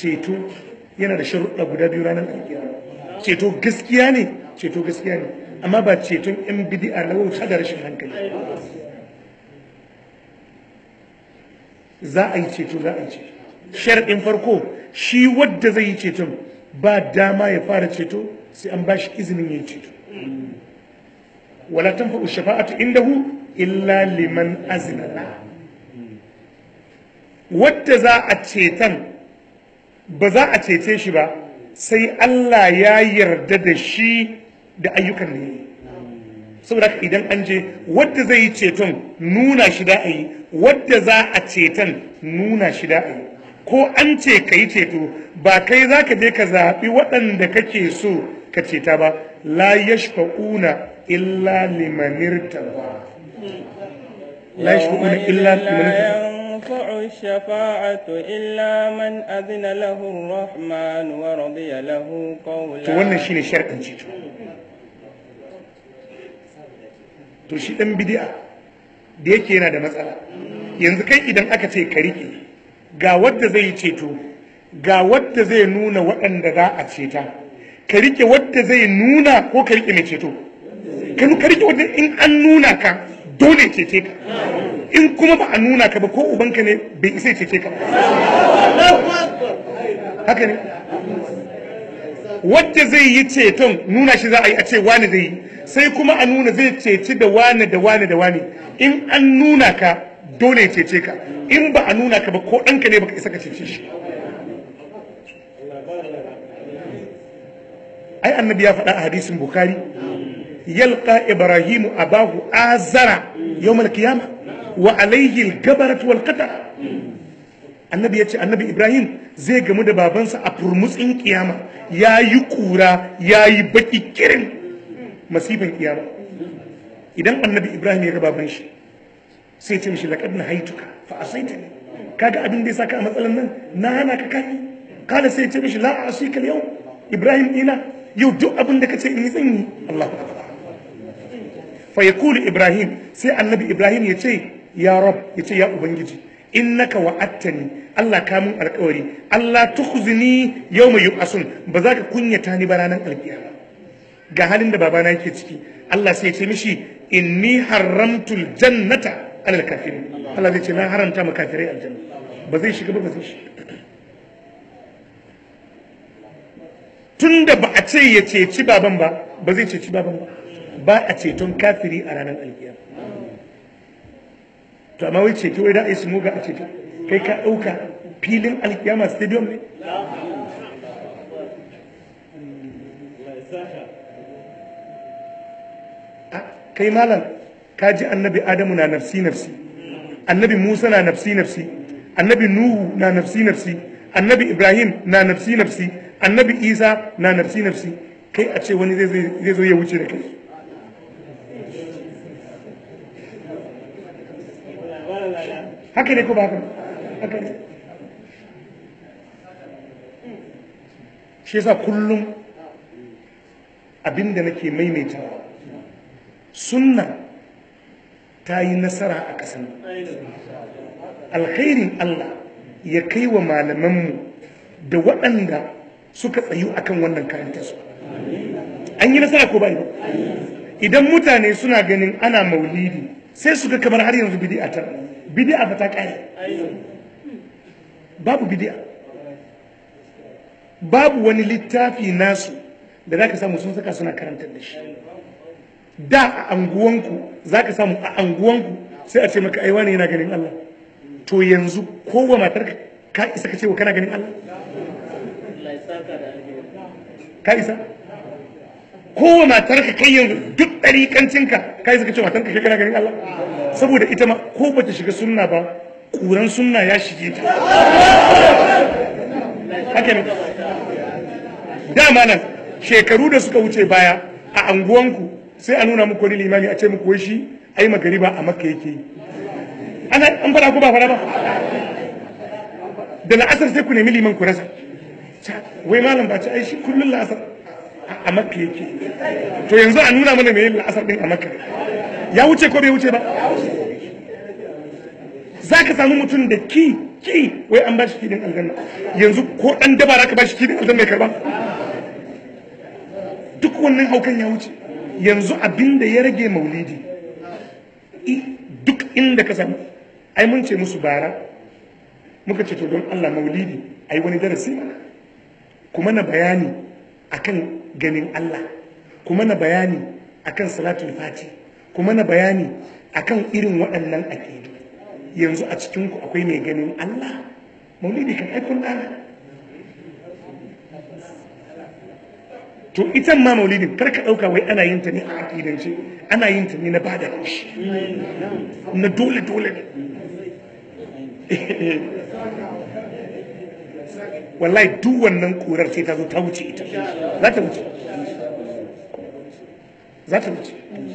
ceto yana da sharuɗa guda biyu ranar alkiyama ceto gaskiya ne ceto gaskiya ne amma ba ceton yan bidi'a na wauta da rashin hankali za a yi ceto za a yi ceto sharɗin farko shi wadda zai yi ceton ba dama ya fara ceto sai an ba shi izinin yin ceto wala tanfa'u shafa'atu hu, illa liman azina wadda za a ceton ba za a cece shi ba sai Allah ya yarda da shi da ayyukan ne. saboda haka idan an je wadda zai yi ceton nuna shi da a yi wadda za a ceton nuna shi da a yi ko an ce ka yi ceto ba kai za ka je ka zaɓi waɗanda kake so ka ceta ba la una illa limanirta ba la una illa limanirta تنفع الشفاعة إلا من أذن له الرحمن ورضي له قولا to wannan shine sharɗin ceto to shi dan bidi'a da yake yana da matsala yanzu kai idan aka ce ka riƙe ga wadda zai ceto ga wadda zai nuna waɗanda za a ceta ka riƙe wadda zai nuna ko ka riƙe mai ceto ka riƙe wadda in an nuna ka dole cece ka in kuma ba a nuna ka ba ko ubanka ne bai isa cece ka haka ne wacce zai yi ceton nuna shi za a yi a ce wani zai yi sai kuma a nuna zai ceci da wani da wani da wani in an nuna ka dole cece ka in ba a nuna ka ba ko ɗanka ne baka isa ka cece shi ai annabi ya faɗa a hadisin bukari yalqa ibrahimu bahu azara yawm alqiyama wa alayhi algabarat wal annabi yace annabi ibrahim zai gamu da babansa a furmutsin kiyama yayi kura yayi baki kirin masifan kiyama idan annabi ibrahim ya ga baban shi sai ya ce mishi laqad nahaituka fa asaitani kaga abin da ya saka a matsalan nan na hana ka kani kala sai ya ce mishi la asika al yau ibrahim ina yau duk abin da kace in yi zan yi fa ibrahim sai annabi ibrahim ya ce ya rob ya ce ya ubangiji innaka wa'attani Allah ka mun alƙawari Allah tukhzini yawma yub'asun ba za ka kunyata ni ba ranar ga halin da babana yake ciki Allah sai ya ce mishi inni haramtul jannata alal kafirin Allah zai ce na haramta ma kafirai aljanna ba zai shiga ba ba zai shiga tunda ba a ce ya ceci baban ba ba zai ceci baban ba ba a ceton kafiri a ranar alkiyar to amma wai ceto idan a yi smuga a ceto kai ka ɗauka filin alkiyama stadium ne kai malam ka ji annabi adamu na nafsi nafsi annabi musa na nafsi nafsi annabi nuhu na nafsi nafsi annabi ibrahim na nafsi nafsi annabi isa na nafsi nafsi kai a ce wani zai zo ya wuce da kai haka ne ko ba haka haka ne shi yasa kullum abinda nake maimaita sunna ta yi nasara a ƙasar alkhairin Allah ya kai wa malamanmu da waɗanda suka tsayu akan wannan karanta su an yi nasara ko ba idan mutane suna ganin ana maulidi sai su ga kamar har yanzu bidi'a ta bidi'a ba ta kare babu bidi'a babu wani littafi nasu da za ka samu sun saka suna karantar da shi da a anguwanku ka samu a anguwanku sai a ce maka aiwa wani yana ganin Allah to yanzu kowa matar ka isa ka ce wa kana ganin Allah ka isa kowa matar ka kai yanzu duk ɗariƙancinka kai suka ce matanka ka kai kana ganin Allah saboda ita ma ko bata shiga sunna ba ƙuran sunna ya shige ta haka ne dama nan shekaru da suka wuce baya a anguwanku sai a nuna muku wani limami a ce muku wai shi ai magariba a makka yake ana an fara ku ba fara ba da la'asar sai ku nemi liman ku rasa wai malam ba ci ai shi kullun la'asar a makka yake to yanzu a nuna mana mai la'asar din a makka ya wuce ko bai wuce ba za ka samu mutum da ki ki wai an ba shi kidin aljanna yanzu ko dan daba za ka ba shi kidin aljanna mai karba duk wannan haukan ya wuce yanzu abin da ya rage maulidi duk inda ka samu ai mun ce musu bara muka ce to don Allah maulidi ai wani darasi kuma na bayani akan ganin Allah kuma na bayani akan salatul fati kuma na bayani akan irin waɗannan aƙidu yanzu a cikinku akwai mai ganin Allah maulidi kan aikun ɗana to ita ma maulidi kar ka ɗauka wai ana yin ta ne a aƙidance ana yin ta ne na bada kushi na dole dole ne wallahi duk wannan kurar sai ta zo ta wuce ita za ta wuce za ta wuce